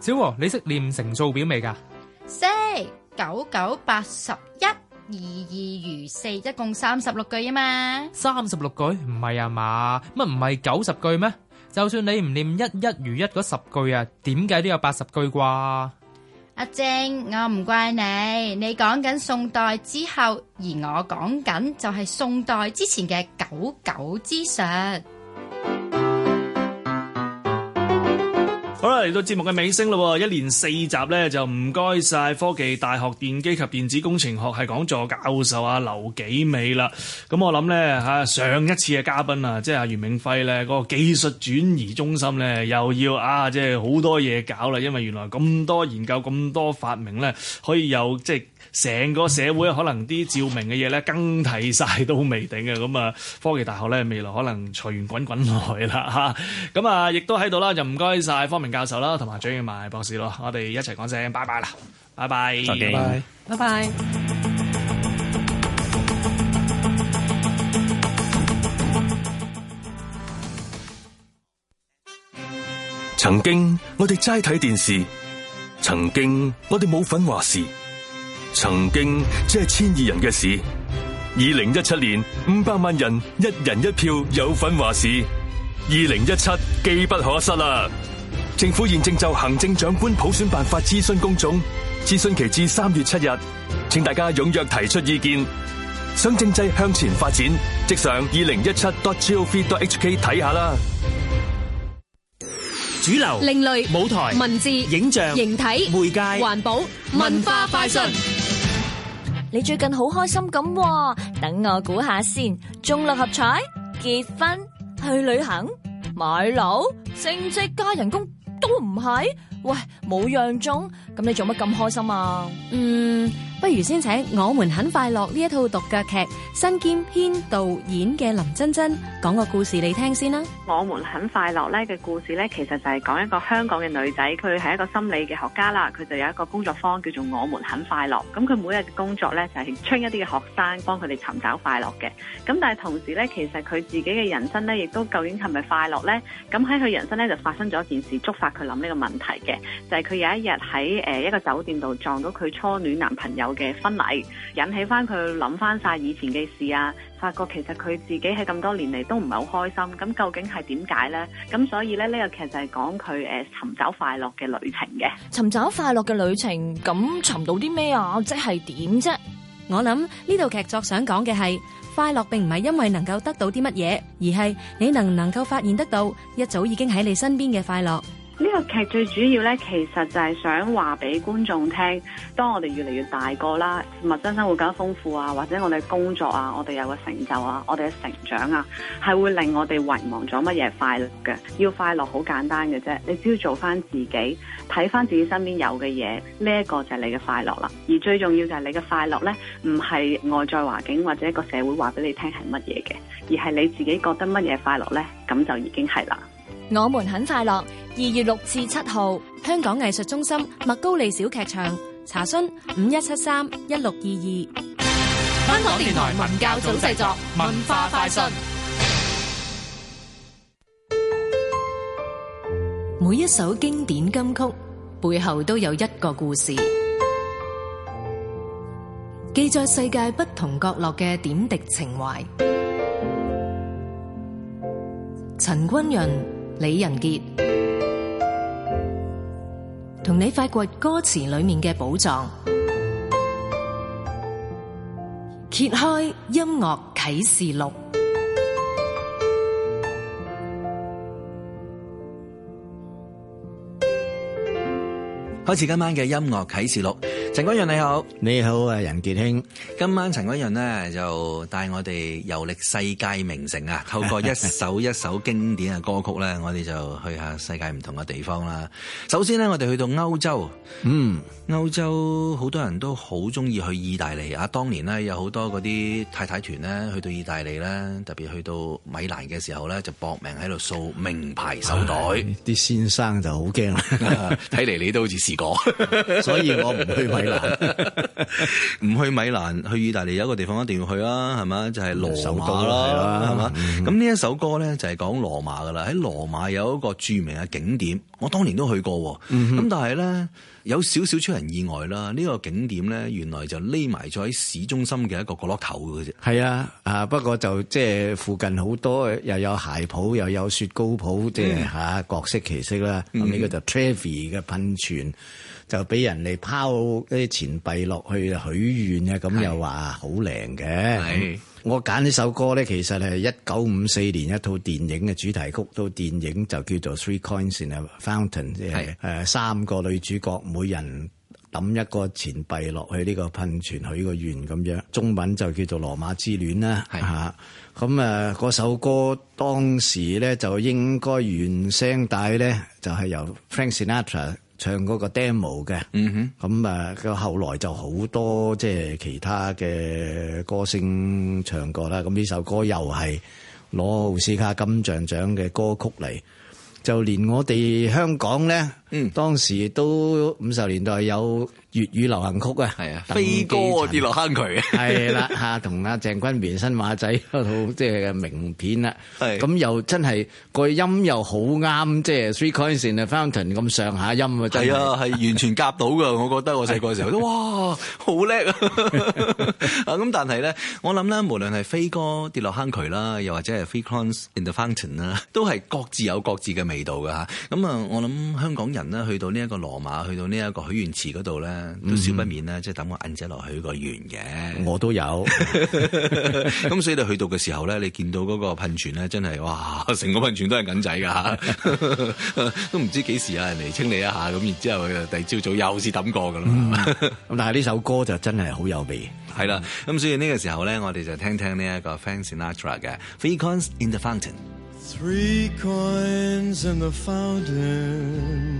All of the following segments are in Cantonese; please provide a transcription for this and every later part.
小王，你識念乘數表未？噶識九九八十一，二二如四，一共三十六句啊嘛。三十六句唔係啊嘛？乜唔係九十句咩？就算你唔念一一如一嗰十句啊，點解都有八十句啩？阿正，我唔怪你，你講緊宋代之後，而我講緊就係宋代之前嘅九九之術。好啦，嚟到節目嘅尾聲咯，一連四集咧就唔該晒科技大學電機及電子工程學系講座教授阿劉紀美啦。咁我諗咧吓上一次嘅嘉賓、那個、啊，即係阿袁明輝咧，個技術轉移中心咧又要啊，即係好多嘢搞啦，因為原來咁多研究咁多發明咧，可以有即係。成個社會可能啲照明嘅嘢咧，更替晒都未定嘅咁啊！科技大學咧，未來可能財源滾滾來啦吓！咁啊，亦、啊、都喺度啦，就唔該晒方明教授啦，同埋張耀文博士咯，我哋一齊講聲拜拜啦，拜拜，拜拜，拜拜，拜。拜曾經我哋齋睇電視，曾經我哋冇份話事。曾經即係千二人嘅事。二零一七年五百萬人一人一票有份話事。二零一七機不可失啦！政府現正就行政長官普選辦法諮詢公眾，諮詢期至三月七日，請大家踴躍提出意見。想政制向前發展，即上二零一七 dot gov dot hk 睇下啦！主流、另類、舞台、文字、影像、形體、媒介、環保、文化快訊。派你最近好開心咁？等我估下先，中六合彩，結婚，去旅行，買樓，升職加人工都唔係？喂，冇樣中，咁你做乜咁開心啊？嗯。不如先請《我們很快樂》呢一套獨腳劇，身兼編導演嘅林真真講個故事你聽先啦。《我們很快樂》咧嘅故事咧，其實就係講一個香港嘅女仔，佢係一個心理嘅學家啦。佢就有一個工作坊叫做《我們很快樂》。咁佢每日嘅工作咧就係 train 一啲嘅學生，幫佢哋尋找快樂嘅。咁但係同時咧，其實佢自己嘅人生咧，亦都究竟係咪快樂咧？咁喺佢人生咧就發生咗一件事，觸發佢諗呢個問題嘅，就係、是、佢有一日喺誒一個酒店度撞到佢初戀男朋友。嘅婚禮引起翻佢諗翻晒以前嘅事啊，發覺其實佢自己喺咁多年嚟都唔係好開心，咁究竟係點解呢？咁所以咧呢個劇就係講佢誒尋找快樂嘅旅程嘅，尋找快樂嘅旅程，咁尋到啲咩啊？即係點啫？我諗呢套劇作想講嘅係快樂，並唔係因為能夠得到啲乜嘢，而係你能唔能夠發現得到一早已經喺你身邊嘅快樂。呢個劇最主要呢，其實就係想話俾觀眾聽，當我哋越嚟越大個啦，物質生活更加豐富啊，或者我哋工作啊，我哋有個成就啊，我哋嘅成長啊，係會令我哋遺忘咗乜嘢快樂嘅。要快樂好簡單嘅啫，你只要做翻自己，睇翻自己身邊有嘅嘢，呢一個就係你嘅快樂啦。而最重要就係你嘅快樂呢，唔係外在環境或者一個社會話俾你聽係乜嘢嘅，而係你自己覺得乜嘢快樂呢，咁就已經係啦。我們很快樂。二月六至七號，香港藝術中心，麥高利小劇場，查詢五一七三一六二二。香港電台文教組製作文化快訊。每一首經典金曲背後都有一個故事，記載世界不同角落嘅點滴情懷。陳君潤。李仁杰，同你發掘歌詞裏面嘅寶藏，揭開音樂啟示錄。開始今晚嘅音樂啟示錄，陳君潤你好。你好啊任傑興，今晚陳君潤咧就帶我哋遊歷世界名城啊！透過一首一首經典嘅歌曲咧，我哋就去下世界唔同嘅地方啦。首先咧，我哋去到歐洲，嗯，歐洲好多人都好中意去意大利啊！當年咧有好多啲太太團咧去到意大利咧，特別去到米蘭嘅時候咧，就搏命喺度掃名牌手袋，啲先生就好驚啦，睇 嚟，你都好似。 所以我唔去米蘭，唔去米蘭。去意大利有一個地方一定要去是、就是、是啦，係嘛？就係羅馬啦，係嘛？咁呢一首歌咧就係講羅馬噶啦。喺羅馬有一個著名嘅景點，我當年都去過，咁、嗯、但係咧有少少出人意外啦。呢、這個景點咧原來就匿埋咗喺市中心嘅一個角落頭嘅啫。係啊，啊不過就即係附近好多又有鞋鋪，又有雪糕鋪，即係吓各色其色啦。咁、嗯、呢個就 Trevi 嘅噴泉。就俾人哋拋啲錢幣落去許願啊，咁又話好靚嘅。我揀呢首歌咧，其實係一九五四年一套電影嘅主題曲，套電影就叫做《Three Coins in a Fountain》，即係誒三個女主角每人抌一個錢幣落去呢個噴泉許個願咁樣。中文就叫做《羅馬之戀》啦吓。咁誒，嗰、啊、首歌當時咧就應該原聲帶咧就係由 Frank Sinatra。唱嗰個 demo 嘅，嗯哼，咁啊，佢後來就好多即係其他嘅歌星唱過啦。咁呢首歌又係攞奧斯卡金像獎嘅歌曲嚟，就連我哋香港咧。嗯，當時亦都五十年代有粵語流行曲啊，係啊，《飛哥跌落坑渠》係啦，吓同阿鄭君綿新馬仔嗰套即係名片啦。咁又真係個音又好啱，即係 Three Coins in the Fountain 咁上下音啊，係啊，係完全夾到噶。我覺得我細個時候都哇好叻啊！咁，但係咧，我諗咧，無論係飛哥跌落坑渠》啦、 啊， 是啊、 又或者係 Three Coins in the Fountain 啦，啊 啊、 fountain, 都係各自有各自嘅味道㗎吓咁啊，我諗香港人。去到呢一個羅馬，去到呢一個許願池嗰度咧，都少不免咧，即係抌個銀仔落去個圓嘅。我都有，咁 所以你去到嘅時候咧，你見到嗰個噴泉咧，真係哇，成個噴泉都係銀仔噶， 都唔知幾時有人嚟清理一下，咁然之後就第二朝早又試試、 嗯、是抌過噶啦。咁但係呢首歌就真係好有味，係 啦。咁所以呢個時候咧，我哋就聽聽呢一個 Frank Sinatra 嘅 Three Coins in the Fountain。Fountain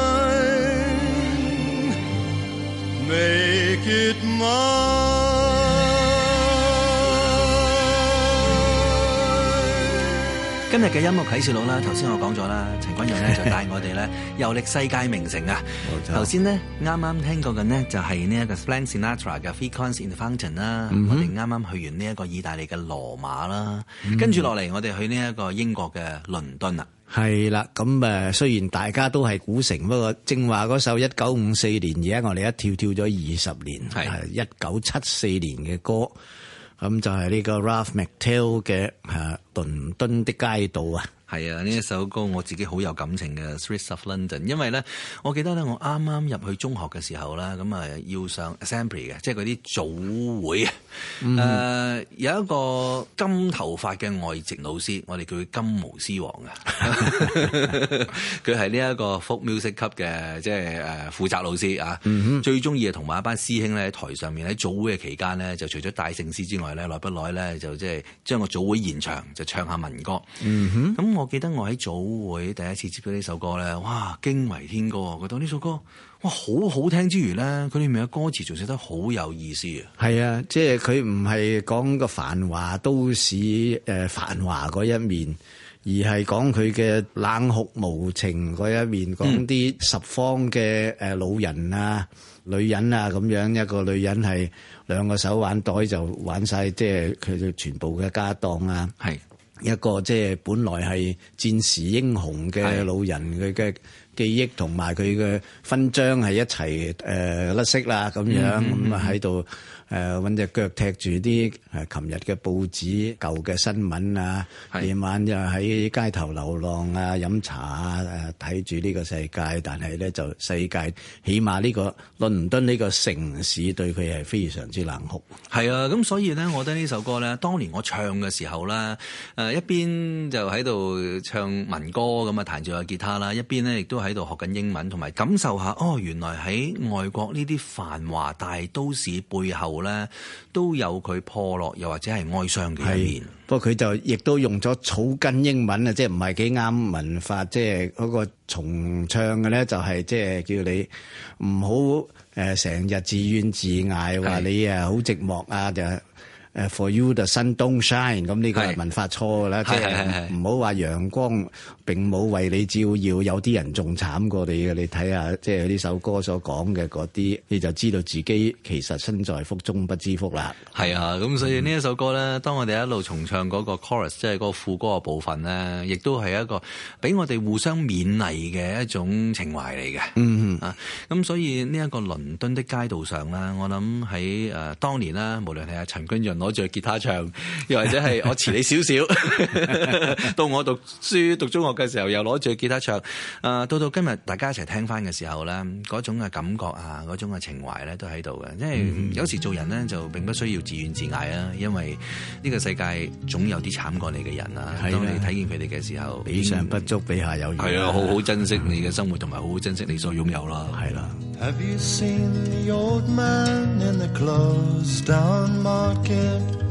今日嘅音樂啟示錄啦，頭先我講咗啦，陳君勇咧 就帶我哋咧遊歷世界名城啊。頭先咧啱啱聽過嘅，呢就係呢一個 Frank Sinatra 嘅《Three Coins in the Fountain》啦、mm-hmm。我哋啱啱去完呢一個意大利嘅羅馬啦，mm-hmm. 跟住落嚟我哋去呢一個英國嘅倫敦啊。係啦，咁誒，雖然大家都係古城，不過正話嗰首一九五四年，而家我哋一跳跳咗二十年，係一九七四年嘅歌，咁就係、是、呢個 Ralph MacTell 嘅倫敦的街道啊，係啊！呢一首歌我自己好有感情嘅《 Streets of London》，因為咧，我記得咧，我啱啱入去中學嘅時候啦，咁啊要上 Assembly 嘅，即係嗰啲組會啊。誒、mm-hmm. 呃、有一個金頭髮嘅外籍老師，我哋叫金毛獅王 啊！佢係呢一個 Folk Music Club 嘅，即係誒負責老師啊。Mm-hmm. 最中意啊，同埋一班師兄咧喺台上面喺組會嘅期間咧，就除咗帶聖詩之外咧，耐不耐咧就即係將個組會延長。唱下民歌，咁、嗯、我記得我喺早會第一次接到呢首歌咧，哇，驚為天歌，覺得呢首歌哇好好聽之餘咧，佢裏面嘅歌詞仲寫得好有意思啊！係啊，即係佢唔係講個繁華都市誒繁華嗰一面，而係講佢嘅冷酷無情嗰一面，講、嗯、啲拾荒嘅誒老人啊、女人啊咁樣，一個女人係兩個手挽袋就挽晒，即係佢嘅全部嘅家當啊，係。一個即係本來係戰時英雄嘅老人，佢嘅記憶同埋佢嘅勳章係一齊誒甩色啦咁樣咁啊喺度。嗯嗯誒揾隻腳踢住啲誒琴日嘅報紙舊嘅新聞啊，夜晚又喺街頭流浪啊，飲茶啊，誒睇住呢個世界，但係咧就世界起碼呢個倫敦呢個城市對佢係非常之冷酷。係啊，咁所以咧，我覺得呢首歌咧，當年我唱嘅時候咧，誒一邊就喺度唱民歌咁啊，彈住個吉他啦，一邊咧亦都喺度學緊英文，同埋感受下哦，原來喺外國呢啲繁華大都市背後。咧都有佢破落又或者係哀傷嘅一面，不過佢就亦都用咗草根英文啊，即係唔係幾啱文法。即係嗰個重唱嘅咧就係即係叫你唔好誒成日自怨自艾話你啊好寂寞啊，就誒 For you the sun don't shine 咁呢，這個係文法錯噶啦，即係唔好話陽光。並冇為你照耀，有啲人仲慘過你嘅。你睇下，即係呢首歌所講嘅啲，你就知道自己其實身在福中不知福啦。係啊，咁所以呢一首歌咧，當我哋一路重唱個 chorus，即係個副歌嘅部分咧，亦都係一個俾我哋互相勉勵嘅一種情懷嚟嘅。嗯啊，咁所以呢一個倫敦的街道上啦，我諗喺誒當年啦，無論係阿陳君潤攞住吉他唱，又或者係我遲你少少， 到我讀書讀中學。嘅時候又攞住吉他唱，啊、呃、到到今日大家一齊聽翻嘅時候咧，嗰種嘅感覺啊，嗰種嘅情懷咧都喺度嘅，因為有時做人咧就並不需要自怨自艾啊，因為呢個世界總有啲慘過你嘅人啦。係啊，當你睇見佢哋嘅時候，比上不足，比下有餘。係啊，好好珍惜你嘅生活，同埋好好珍惜你所擁有啦。係啦。Have you seen the old man in the closed-down market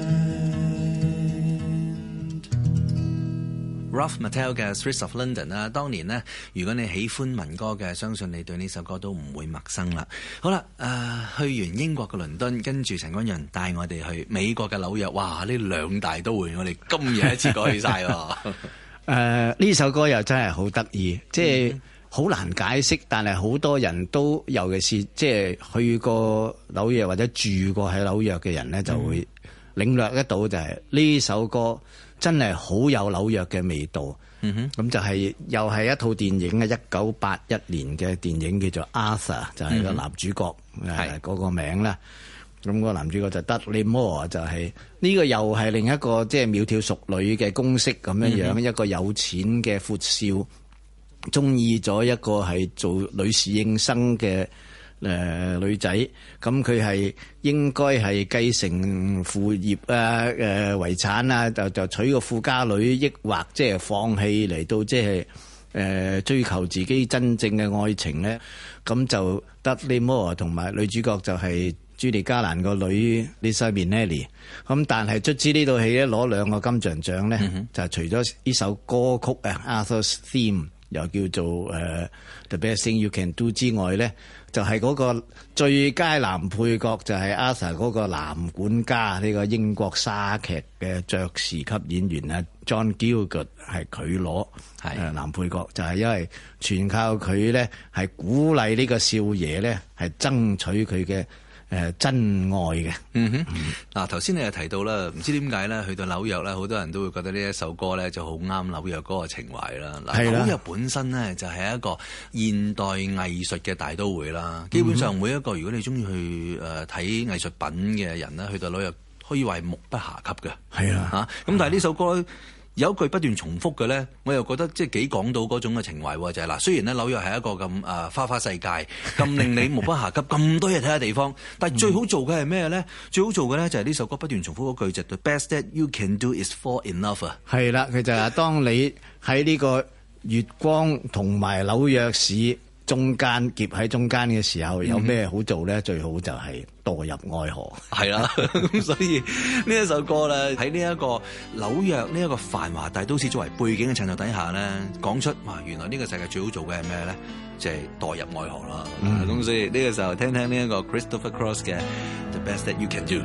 Ralph McTell 嘅《Streets of London》啦，當年呢，如果你喜歡民歌嘅，相信你對呢首歌都唔會陌生啦。好啦、呃，去完英國嘅倫敦，跟住陳君陽帶我哋去美國嘅紐約，哇！呢兩大都會，我哋今日一次過去晒誒，呢、 呃、首歌又真係好得意，即係好難解釋，但係好多人都，尤其是即係、就是、去過紐約或者住過喺紐約嘅人呢，就會領略得到就係呢首歌。真係好有紐約嘅味道，咁、嗯、就係又係一套電影啊！一九八一年嘅電影叫做 Arthur，就係個男主角，嗰個名啦。咁、個男主角就得 Dudley Moore 就係、是、呢、這個又係另一個即係窈窕淑女嘅公式咁樣樣、嗯，一個有錢嘅闊少，中意咗一個係做女士應生嘅。誒、呃、女仔，咁佢係應該係繼承父業啊、誒、呃、遺產啊，就就娶個富家女，抑或即係放棄嚟到即係誒追求自己真正嘅愛情咧？咁、嗯嗯嗯、就得呢魔同埋女主角就係朱莉嘉蘭個女呢 Liza Minnelli。咁但係卒之呢套戲咧攞兩個金像獎咧，就除咗呢首歌曲啊 Arthur's Theme。嗯嗯又叫做、uh, The Best Thing You Can Do 之外咧，就係、是、嗰個最佳男配角就係阿 sa 嗰個男管家呢、這個英國莎劇嘅爵士級演員 John Gielgud 係佢攞誒男配角，是就係、是、因為全靠佢咧係鼓勵呢個少爺咧係爭取佢嘅。真愛嘅，嗯哼，嗱頭先你又提到啦，唔知點解咧，去到紐約咧，好多人都會覺得呢一首歌咧就好啱紐約嗰個情懷啦。紐約本身咧就係一個現代藝術嘅大都會啦。基本上每一個如果你中意去誒睇藝術品嘅人咧、嗯，去到紐約可以話目不暇給嘅。係啊，咁、嗯、但係呢首歌。有一句不斷重複嘅咧，我又覺得即係幾講到嗰種嘅情懷就係、是、嗱，雖然咧紐約係一個咁誒、呃、花花世界，咁令你目不暇給咁多嘢睇嘅地方，但係最好做嘅係咩咧？嗯、最好做嘅咧就係呢首歌不斷重複嗰句 的就係 best that you can do is fall in love 啊！係啦，佢就係當你喺呢個月光同埋紐約市。中間夾喺中間嘅時候、嗯、有咩好做咧？最好就係墮入愛河。係啦、啊，咁 所以呢一首歌咧，喺呢一個紐約呢一個繁華大都市作為背景嘅襯托底下咧，講出哇原來呢個世界最好做嘅係咩咧？就係、是、墮入愛河啦。咁、嗯、所以呢個時候聽聽呢一個 Christopher Cross 嘅 The Best That You Can Do。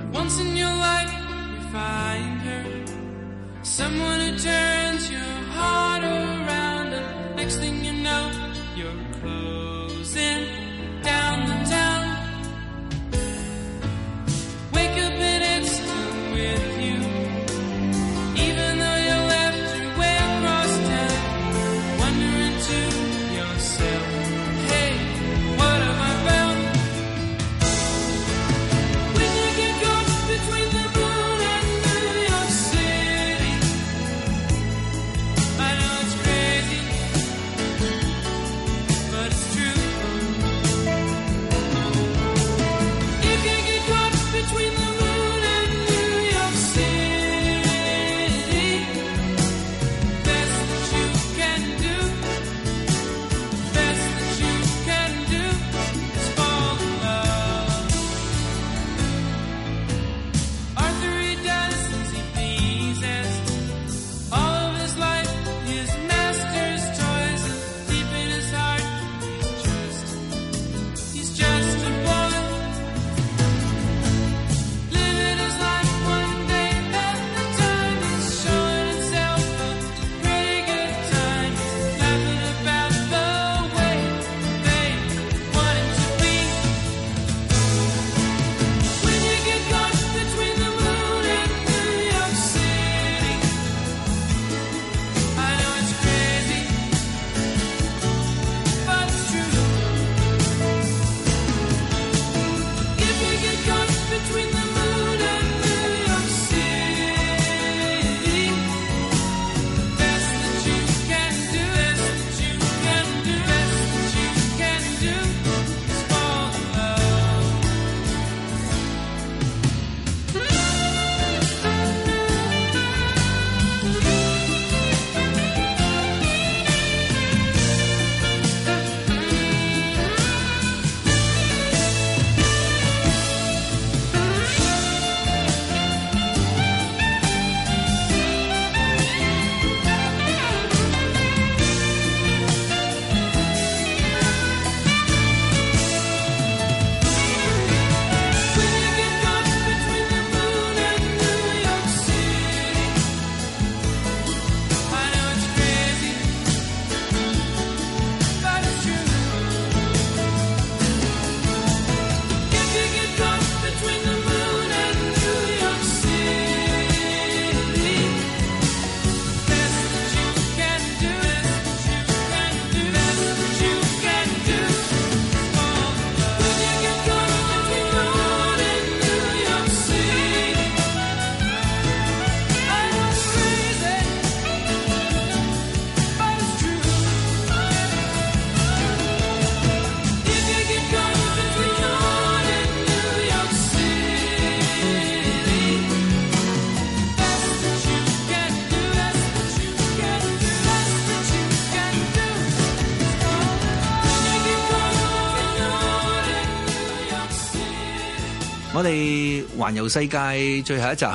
環遊世界最後一站，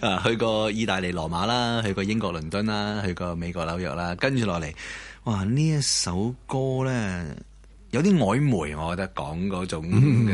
啊,去過意大利羅馬啦，去過英國倫敦啦，去過美國紐約啦，跟住落嚟，哇，呢一首歌呢。有啲曖昧，我覺得講嗰種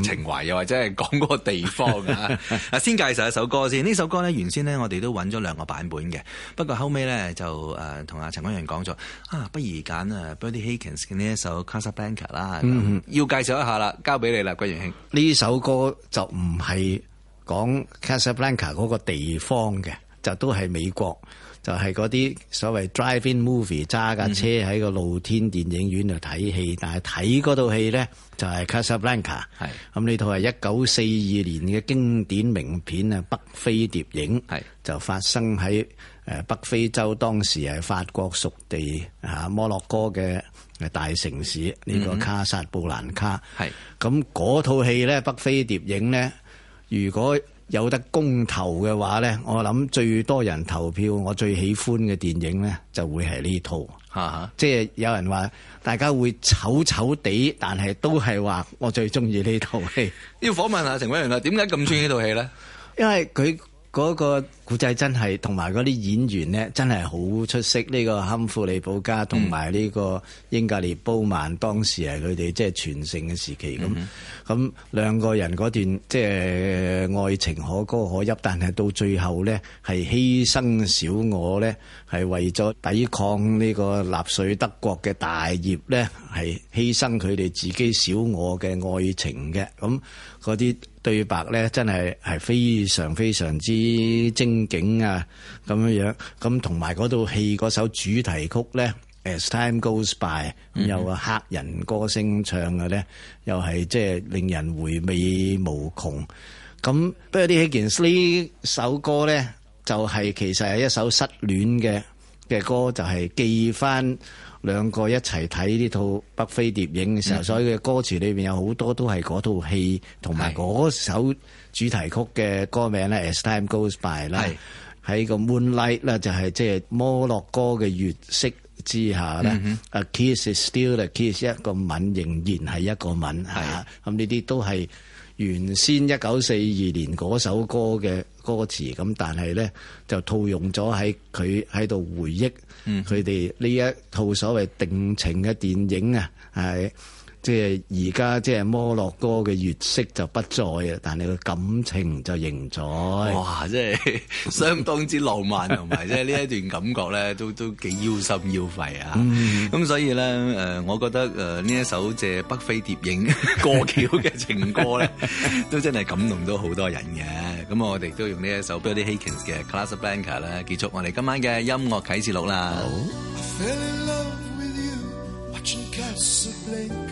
情懷，又、嗯、或者係講嗰個地方啊。啊、嗯，先介紹一首歌先。呢 首歌咧，原先咧我哋都揾咗兩個版本嘅，不過後尾咧就誒同阿陳君祥講咗，啊，不如揀誒 Bertie Higgins 嘅呢一首 Casablanca 啦、嗯。要介紹一下啦，交俾你啦，貴祥兄。呢首歌就唔係講 Casablanca 嗰個地方嘅。就都係美國，就係嗰啲所謂 drive-in movie，揸架車喺個露天電影院度睇戲，嗯、但係睇嗰套戲咧就係、是、Casablanca 是。咁呢套係一九四二年嘅經典名片啊，北非諜影，就發生喺誒北非洲當時係法國屬地摩洛哥嘅大城市呢、呢個卡薩布蘭卡，咁嗰套戲咧北非諜影咧如果。有得公投嘅話咧，我諗最多人投票，我最喜歡嘅電影咧，就會係呢套。嚇嚇，即係有人話大家會醜醜地，但係都係話我最中意呢套戲。要訪問下陳偉強啦，點解咁中意呢套戲咧？因為佢。嗰、那個古仔真係，同埋嗰啲演員呢，真係好出色。呢、這個堪富利保加同埋呢個英格利布曼，當時係佢哋即係全盛嘅時期咁。咁、mm-hmm. 兩個人嗰段即係、就是、愛情可歌可泣，但係到最後呢，係犧牲小我，呢係為咗抵抗呢個納粹德國嘅大業，呢係犧牲佢哋自己小我嘅愛情嘅。咁嗰啲。對白咧真係係非常非常之精警啊，咁樣樣咁，同埋嗰套戲嗰首主題曲咧，《As Time Goes By》，有個黑人歌聲唱嘅咧，又係即係令人回味無窮。咁不過呢件呢首歌咧，就係、是、其實係一首失戀嘅嘅歌，就係、是、記翻。兩個一齊睇呢套《北非諜影》嘅時候，所以嘅歌詞裏邊有好多都係嗰套戲同埋嗰首主題曲嘅歌名咧，《As Time Goes By》啦，喺個 moonlight 就係即係摩洛哥嘅月色之下咧，嗯《A Kiss Is Still A Kiss》一個吻仍然係一個吻，咁呢啲都係。原先一九四二年嗰首歌嘅歌詞咁，但係咧就套用咗喺佢喺度回憶佢哋呢一套所謂定情嘅電影啊，係。即係而家，即係摩洛哥嘅月色就不再啊，但係個感情就仍在。哇！即係相當之浪漫，同埋即係呢一段感覺咧，都都幾腰心腰肺啊。咁、嗯、所以咧，誒，我覺得誒呢一首借北非諜影 過橋嘅情歌咧，都真係感動到好多人嘅。咁我哋都用呢一首 Bertie Higgins 嘅 Casablanca 啦，結束我哋今晚嘅音樂啟示錄啦。好 I fell in love with you,